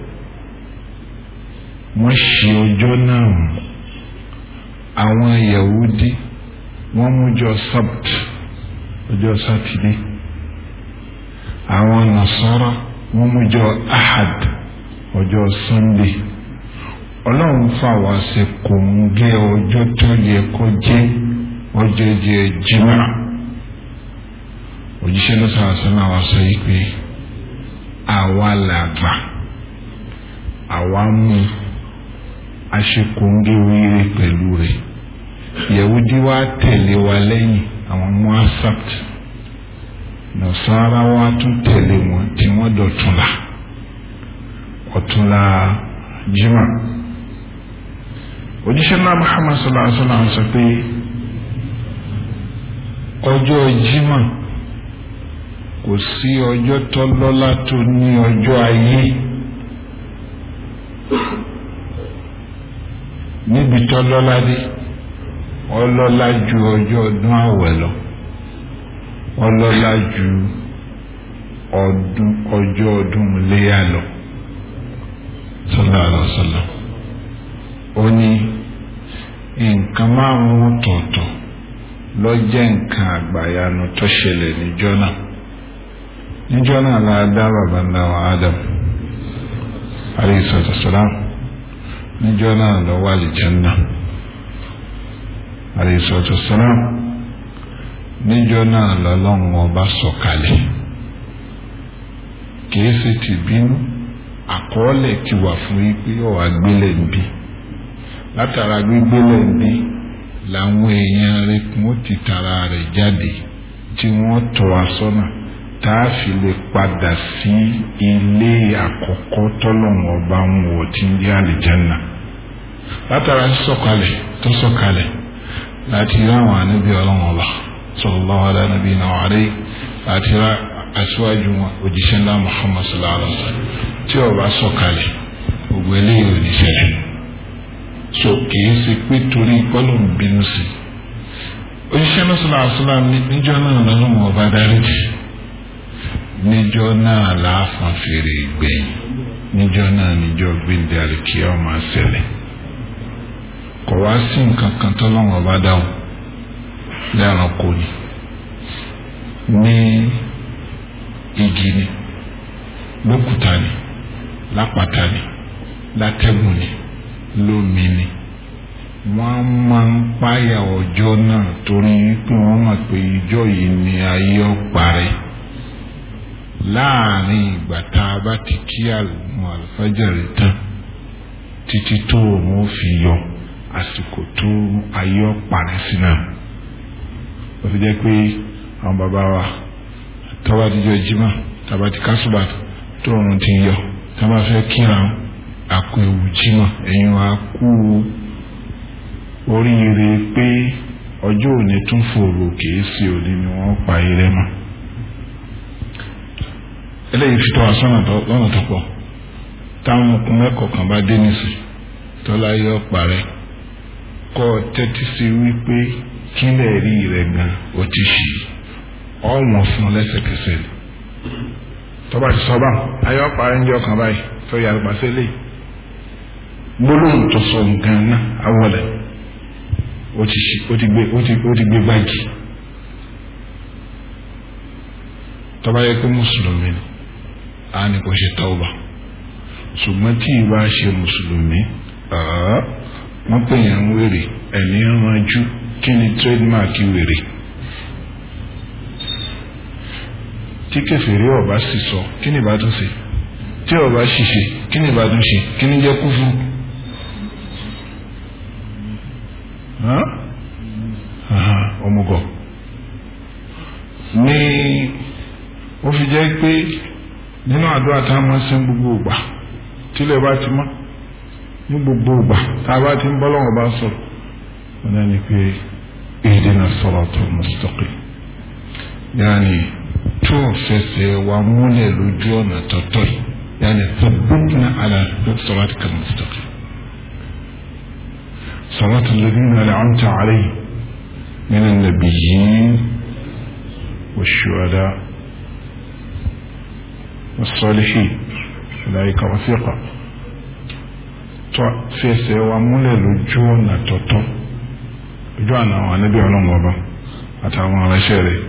wọ́n ṣe ọjọ́ náà mú àwọn Yahudi wọ́n mú jọ sabt ọjọ́ sátidé àwọn Nasara wọ́n mú jọ ahad. ọjọ́ sunday ọlọ́run fà wá sí kò ń gé ọjọ́ tó yẹ kó jẹ́ ọjọ́ jẹ́ jimá òjíṣẹ́ náà sọ̀rọ̀ sọ́nà wa sọ yìí pé àwa làgbà àwa mú aṣekòǹgé oríire pẹ̀lú rẹ̀ yẹ̀wúdí wa tẹ̀lé wa lẹ́yìn àwọn mú asapt nasara wa tún tẹ̀lé wọn tí wọ́n dọ̀tún la. ọ̀túnla jimá òjíṣẹ́ náà Muhammad sallallahu alaihi wasallam sọ pé ọjọ́ jimá kò sí ọjọ́ tọ́lọ́lá tó ní ọjọ́ ayé níbi ọjọ́ ọjọ́ lọ. sallallahu alaihi wasallam ó ní nǹkan márùn-ún ọ̀tọ̀ọ̀tọ̀ ló jẹ́ nǹkan àgbàyanu tó ṣẹlẹ̀ níjọ́ náà níjọ́ náà la dá bàbá ńlá wa Adam alaihi salam níjọ́ náà lọ wà lí Jánnà alaihi salam níjọ́ náà lọ́lọ́run ọba sọ̀kalẹ̀ kìí ṣe ti bínú. àkọọ́lẹ̀ ti wà fún yín pé ọ̀wà gbélé ń bí látara gbígbélé bí làwọn èèyàn rẹ̀ kún ó ti tara rẹ jáde tí wọ́n tọ́ sọ́nà tá a fi lè padà sí ilé àkọ́kọ́ tọ́lọ́wọ́n ọba wọn aṣíwájú wọn òjíṣẹ́ muhammad sallallahu alaihi wa sallam tí ó bá sọ̀kalẹ̀ gbogbo so kìí ṣe pé torí kọ́lọ̀ ń bínú sí i òjíṣẹ́ náà sallallahu alaihi wa sallam níjọ́ náà lọ́nà wọn bá darí jì níjọ́ náà fèrè náà gbẹ̀ndẹ̀ ọmọ kò wá ni igi ni lókùtà ni lápáta ni látẹ̀gùn ni lómi ni wọ́n máa ń páyà ọjọ́ náà torí pé wọ́n mọ̀ pé ijọ́ yìí ni ayé ọ̀parẹ́ láàrin ìgbà tá a bá ti kí àlùmọ́ àlùfájàre tán títí tó òun ó fi yọ àsìkò tó ayé ọ̀parẹ́ sí náà ó fi jẹ́ pé àwọn bàbá wa. tọ́ba àtijọ́ jimá tàbá ti kásùbà tóòrùn ti yọ tọ́ba fẹ́ kíra ewu jima ẹ̀yin wa kú oríire pé ọjọ́ òní tún fòrò kìí òní ni wọ́n pa irẹ mọ́ eléyìí fi tọ́ wa sọ́nà lọ́nà tó pọ̀ táwọn ọkùnrin bá dé nísì tọ́lá yọ ọ̀wọ̀n fún un lẹ́sẹ̀kẹsẹ̀ Tọba tọ́ba ti sọ bá ayé ọ̀pá ẹ̀ńjẹ́ ọkàn báyìí tó yà lọ́pàá sí gbólóhùn tó sọ nǹkan náà awọlẹ̀ ó ti gbé báàgì tọ́ba yẹ mùsùlùmí ni a ní kò ṣe tọ́ba ṣùgbọ́n tí ì bá ṣe mùsùlùmí wọ́n pè yàn wèrè kí ni trademark tí kẹfìrí ọba sì sọ kí ni ìbá ṣe tí ọba ṣìṣe kí ni ìbá ṣe kí ni jẹ́ kúfù. ọmọgọ ni ó fi jẹ́ pé nínú àdúrà tá a ṣe gbogbo ìgbà tílẹ̀ bá ti mọ́ ní gbogbo ìgbà tá a bá ti ń bọ́ lọ́wọ́ bá tó fẹsẹ̀ wa múlẹ̀ lójú ọ̀nà tọ̀tọ̀ yìí yàrá thabbitna ala siratikal mustaqim siratal ladhina an'amta alayhim minan nabiyyin والشهداء والصالحين أولئك رفيقا fẹsẹ̀ wa múlẹ̀ lójú ọ̀nà tọ̀tọ̀ ojú àná àwọn anábì ọlọ́run ọba àtàwọn aránṣẹ́ rẹ̀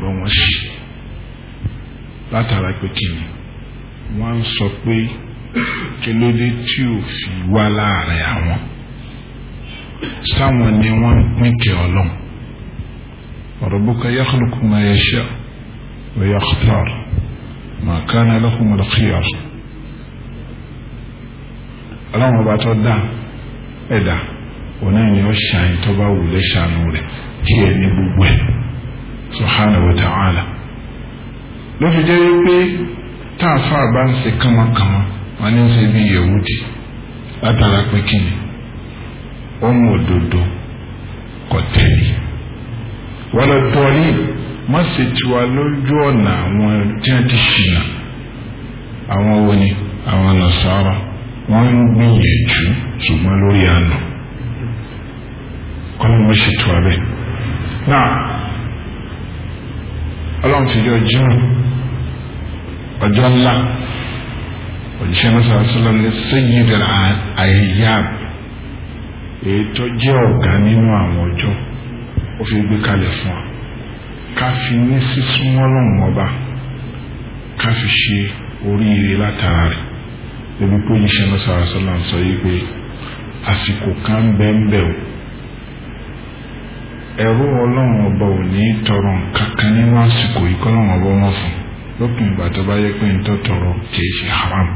ọ̀rọ̀ wọn sí látara pé kí ni wọ́n ń sọ pé kí ló dé tí ò fi wá láàrin àwọn sáwọn ni wọ́n ń pín kí ọlọ́run rabbuka yakhluqu ma yasha wa yakhtar ma kana lahumul khiyar ọlọ́run ọba tó dá ẹ̀dá òun náà ni ó ṣàyìn tó bá wù lẹ́ṣàánú rẹ̀ kí ẹni gbogbo ẹ̀ subhanahu wa ta'ala ló fi jẹ́ wípé táàfà bá ń ṣe kánmọ́kánmọ́ wọn ní ń ṣe bí yehudi látara pé kí ni ó mú òdodo kọ tẹ́lẹ̀ wọ́n lọ tọ́lé má ṣe tiwa lójú ọ̀nà àwọn tí wọ́n ti ṣìnà àwọn wo àwọn nasara wọ́n ń gbìyànjú ṣùgbọ́n lórí àná kọ́ni mo ṣètò abẹ́ náà ọlọ́run fi yọ jimá ọjọ́ ńlá òjíṣẹ́ mọ́sálà sọ́lá ní sayyidul ayyam èyí tó jẹ́ ọ̀gá nínú àwọn ọjọ́ ó fi gbé kalẹ̀ fún wa ká fi ní sísúnmọ́ lọ́hùn ọba ká fi ṣe oríire látara rẹ̀ ebi pé òjíṣẹ́ mọ́sálà sọ́lá ń sọ yí pé àsìkò kan bẹ́ẹ̀ bẹ́ẹ̀ o. ẹ̀rú ọlọ́run ọba ò ní tọrọ kankan nínú àsìkò yìí kọ́lọ́run ọba wọn fún lópin ìgbà tó bá yẹ pé ń tọ́ tọrọ ṣe haram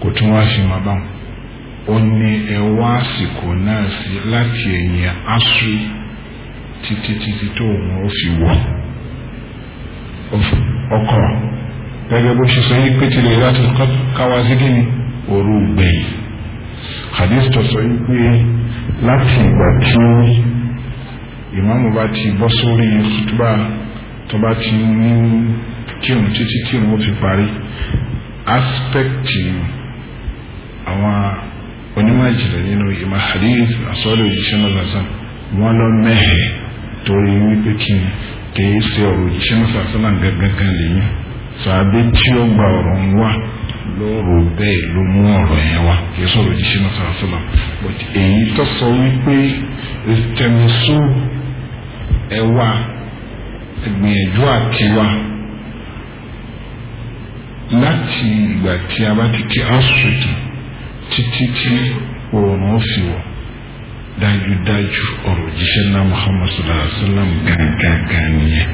kò tún wá sí máa bá wọn ó ní ẹ títí títí tó òun ó fi wọ̀ ọkọ̀ gẹ́gẹ́ bó ṣe sọ yí pé tilẹ̀ láti káwá sí kí ni gbẹ̀yìn hadith tó imamu bá ti bọ́ sórí kútúbà tó bá ti ní kírun títí kírun ó fi parí aspẹ́kìtì àwọn onímọ̀ ìjìnlẹ̀ nínú ìmọ̀ hadith àsọ́lẹ̀ òjíṣẹ́ mọ́sàsán wọ́n lọ mẹ́hẹ̀ torí wípé kí ni kìí ṣe ọ̀rọ̀ òjíṣẹ́ mọ́sàsán náà gẹ́gẹ́ kan lèyìn sàbí tí ó gba ọ̀rọ̀ ń wá lọ́rọ̀ bẹ́ẹ̀ ló mú ọ̀rọ̀ yẹn wá kìí sọ̀rọ̀ òjíṣẹ́ mọ́sàsán náà èyí tó sọ ẹwà ìgbìyànjú àtiwá láti ìgbà tí a bá ti kí ásùtì títí tí oòrùn fi wọ̀ dájúdájú ọ̀rọ̀ jíṣẹ́ náà Muhammad sallallahu alaihi wa sallam nìyẹn àwọn èèyàn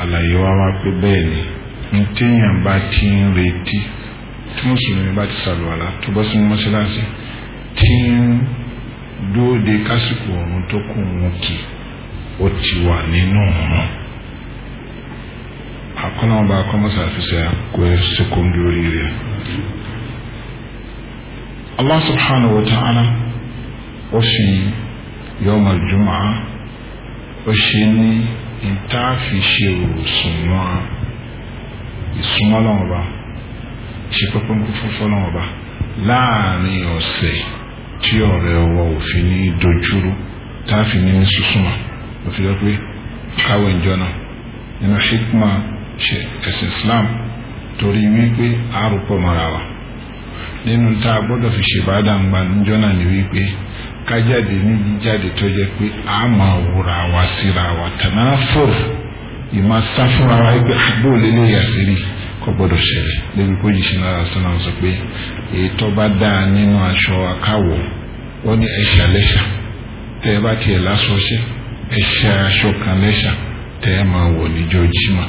àlàyé wa wá pé bẹ́ẹ̀ ni ntẹ́yìn bá ti ń retí tí mùsùlùmí bá ti sàlùwàlà tó bọ́ sínú mọ́ṣáláṣí tí ń dúró de kásìkò ọ̀run tó kù wọn kì ó ti wà nínú ọ̀run àkọ́nà ọba akọ́mọ́sá àfisẹ́ Allah subhanahu wa ta'ala ó yọmọ jùmọ̀ ó ní. nta fi ṣe òṣùwọ̀n ìsúnmọ́ lọ́wọ́ bá ṣe pẹ́pẹ́ fúnfọ́ lọ́wọ́ bá tí ọ̀rẹ́ ọwọ́ òfin fi ní hikma Islam torí wípé mara wa nínú a fi ṣe bá dàgbà ni kájáde ní jíjáde tó jẹ́ pé a máa wúra wa síra wa tànà fòrò ìmọ̀ sáfúnra wa pé ah, bóòlù lè yà sí rí kò gbọ́dọ̀ ṣẹlẹ̀ débi kó jìṣẹ́ náà sọ́nà sọ pé èyí tó bá dáa nínú aṣọ akáwọ̀ ó ní ẹ̀ṣà lẹ́ṣà tẹ́ ẹ bá tiẹ̀ lásọ ṣe ẹ̀ṣà aṣọ kan lẹ́ṣà tẹ́ ẹ máa wọ̀ níjọ́ jimá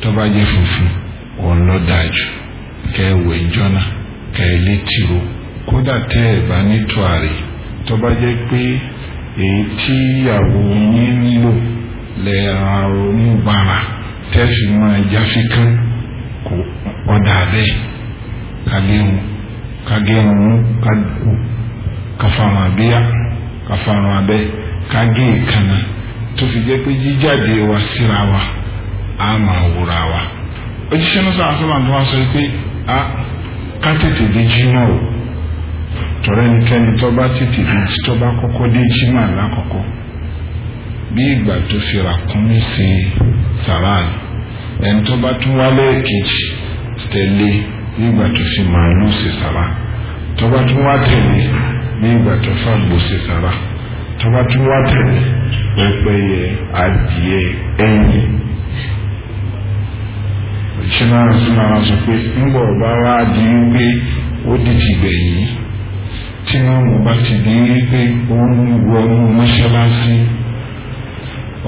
tó bá jẹ́ funfun òun ló dáa jù kẹ́ ẹ wẹ̀ jọ́nà kẹ́ ẹ létí ro kódà tẹ́ ẹ bá ní tó bá jẹ́ pé èyí tí ìyàwó yín ń lò lẹ tẹ́sí máa kán kò ọ̀dà bẹ́ẹ̀ kagéhùn kagéhùn kagéhùn kafarun abíyá kafarun abẹ́ kagé ìkànnà tó fi jẹ́ pé jíjáde wa síra wa a máa wa òjíṣẹ́ náà sọ àtúntò àti wọn sọ pé a ká tètè dé jí tọrọ nke tó bá tètè fi tó bá kọ́kọ́ dé jimá lákọ̀ọ́kọ́ bí ìgbà tó fi ràkúnmí sí sàráàlì ẹni tó bá tún wá lẹ́ẹ̀kejì tẹ̀lé bí ìgbà tó fi màálù sí sàrá tó bá tún wá tẹ̀lé bí ìgbà tó fàgbò sí sàrá tó bá tún wá adìẹ náà sọ pé bá wá di wípé tí wọn bá ti di wípé òun wọnú mọ́ṣáláṣí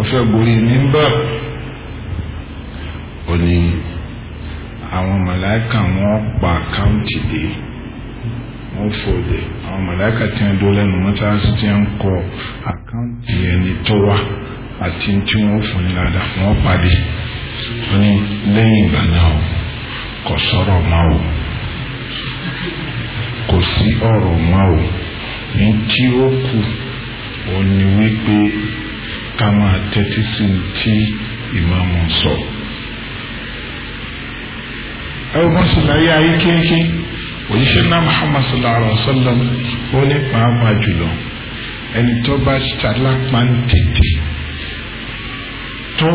ọ̀fẹ́ gborí nígbà ó ní àwọn màláìka wọn pa káùntì dé wọn fòdè àwọn màláìka tí wọn dó lẹ́nu mọ́ṣáláṣí tí wọn kọ àkáùntì ẹni tó wà àti tí wọn fún ní ládàá wọn pàdé ó ní lẹ́yìn ìgbà náà kò sọ̀rọ̀ máa wò. kò sí ọ̀rọ̀ mọ́ o ní tí ó kù ó ní wípé ká máa tẹ́tí sí tí ìmáàmù sọ. ẹ wọ́n ayé kínkín òyìnbó náà Muhammad sallallahu alayhi wa sallam ó ní pàápàá jùlọ ẹni tó bá ṣalápá ń tètè tó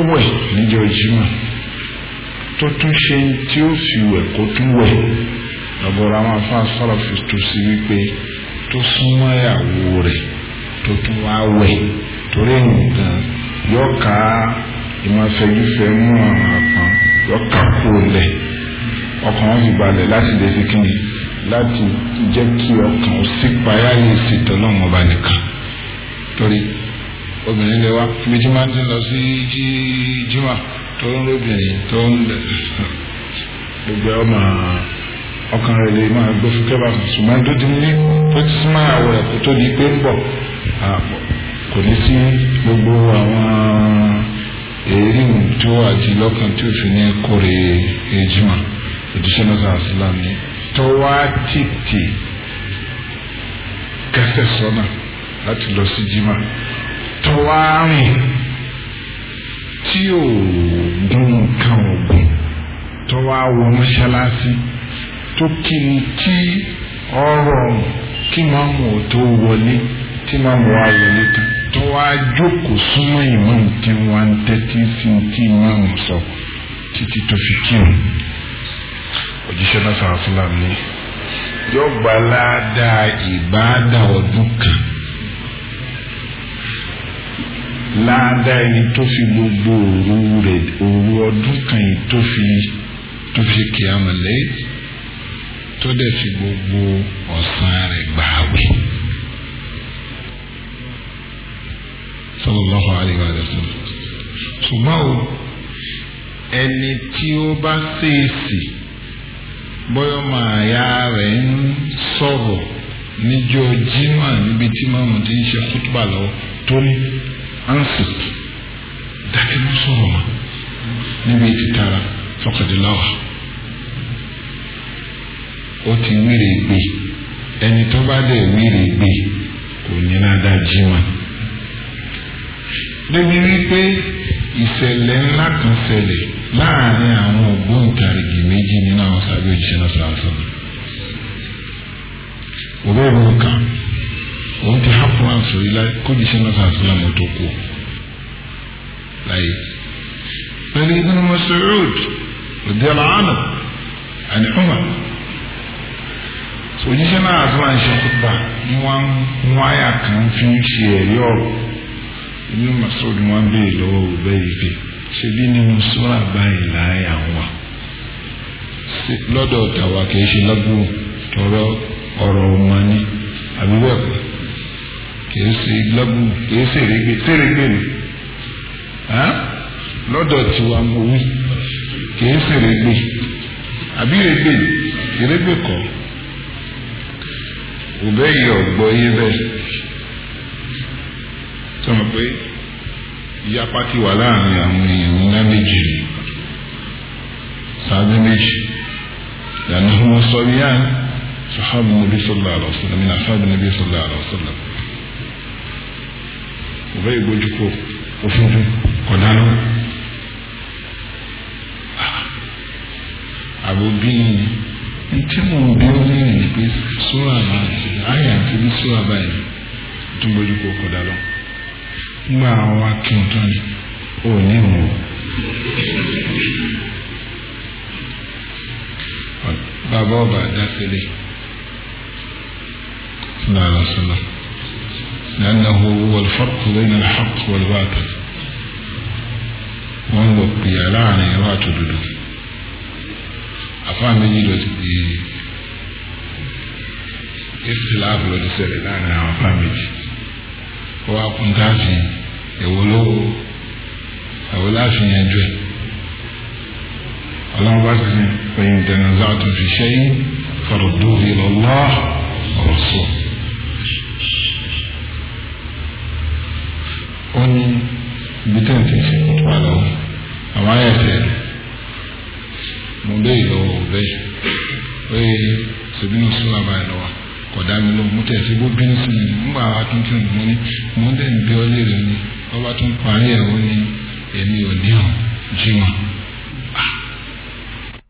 tún ṣe tí ó fi wẹ̀ kó tún wẹ̀. lọ́gọ́rọ̀ àwọn afá sọ̀rọ̀ fi tu sí wípé tó súnmọ́ ìyàwó rẹ̀ tó tún wá wẹ̀ torí nǹkan yọ ká ìmọ̀fẹ́júfẹ́ mú àwọn àpọn yọ ká kúrò lẹ̀ ọkàn wọn fi balẹ̀ láti lè fi kíni láti jẹ́ kí ọkàn ó sì payá ní ìsìtọ́ náà wọn bá nìkan torí obìnrin lè wá ibi máa ń ti lọ sí jimá tó ń lóbìnrin tó ń gbogbo ọmọ ọkàn rẹ̀ lè máa gbé fún kẹ́bà ṣùgbọ́n dúdú ní ó ti sún máa wẹ̀ kó tó di pé ń bọ̀ kò ní sí gbogbo àwọn èrí tó àti lọ́kàn tí òfin ní kórè ejima òjíṣẹ́ náà sàn sílá ni tó wá tètè kẹsẹ̀ sọ́nà láti lọ sí jimá tó wá rìn tí ò gún nǹkan ògùn tó wá wọ mọ́ṣáláṣí tó kí ni kí ọ̀rọ̀ kí máa mú o tó wọlé tí máa mú wa wọlé tán tó wá jókòó súnmọ́ ìmáàmù tí wọ́n ń tẹ́tí sí tí ìmáàmù sọ títí tó fi kírun òjíṣẹ́ náà sọ̀rọ̀ fúlàní ni yóò gba ládàá ìbáàdà ọdún kan ládàá ẹni tó fi gbogbo òru rẹ̀ òru ọdún kan yìí tó fi tó fi ṣe kìámà lẹ́yìn tó dẹ̀ fi gbogbo ọ̀sán rẹ̀ gbààwẹ̀. sallallahu alaihi wa sallam. ṣùgbọ́n o ẹni tí ó bá ṣèèṣì bọ́yọ̀ máa ya rẹ̀ ń sọ̀rọ̀ níjọ́ jimá níbi tí màmú ti ń ṣe kútùbà lọ́wọ́ tó ní ansip dákẹ́ mú sọ̀rọ̀ wọn níbi títara fọkàdínláwà ó ti wíre gbé ẹni tó bá dẹ̀ wíre gbé kò ní nádà jímà. débi wípé ìṣẹ̀lẹ̀ ńlá kan ṣẹlẹ̀ láàrin àwọn ògbóǹtarìgì méjì nínú àwọn sábẹ́ òjíṣẹ́ náà sàásùn. òróòrò kan òun ti hápùn àǹsọ̀rí kójíṣẹ́ náà sàásùn lámọ́ tó kù láyé. pẹ̀lú Ibn Mas'ud radiyallahu anhu àni Umar. òjíṣẹ́ náà àtúwà ń ṣe kúta nwa wọ́n ń wáyà kan fi ń ṣe ẹ̀rí ọ̀rọ̀ inú masoud wọn béè lọ́wọ́ òbẹ́ ìgbé ṣe bí nínú sọ́ra báyìí láàyà wà ṣe tọrọ ọrọ ọmọ ní àbíwẹ̀pẹ̀ kìí ṣe Lọdọ tiwa ka esi Ubay ọ̀gbọ́ yé bẹ́ẹ̀ sọmọ pé ìyapa ti wà láàrin àwọn èèyàn ńlá méjì sáájú méjì lànà wọn sọ yá sahabu nabi sallallahu alaihi wasallam min asahabu nabi sallallahu alaihi wasallam Ubay gbójú kó òfúrufú kọ̀dánù àbòbí ni ntí mo bí ó ní ìpè sóra náà ti ayé àti bí sùúrù àbáyé tó gbójú kó kọ̀dá lọ. Ngbà àwọn akíwọ̀n tán ni ò ní ìwọ̀n. Bàbá ọba dásílẹ̀ sallallahu alaihi wasallam. لأنه هو الفرق بين الحق والباطل wọ́n wọ̀ pè aláàárín ẹ̀rọ àtòdodo àfáà méjì lọ sí ìsìláàbù ló ti ṣẹlẹ̀ láàrin àwọn fámìlì kó wá kún káàfin èwo lówó èwo láàfin yanjú ẹ̀ ọlọ́run bá ti ní ẹ̀yin tó fi ṣẹ́yìn fọ̀rọ̀ dóòlì lọ́lọ́ ọ̀rọ̀ sọ. ó ní ibi tẹ́ǹtì ṣe kó tó lọ́wọ́ àwọn ayẹ̀tẹ̀ rẹ̀. dá mi lóhùn mo tẹ̀ bó bínú sí mi nígbà wa tún mo ní mo ń dẹ̀ ń bí ọ léèrè ni ọba tún parí ẹ̀ ó ní èmi ò ní ọ̀ jí wọn.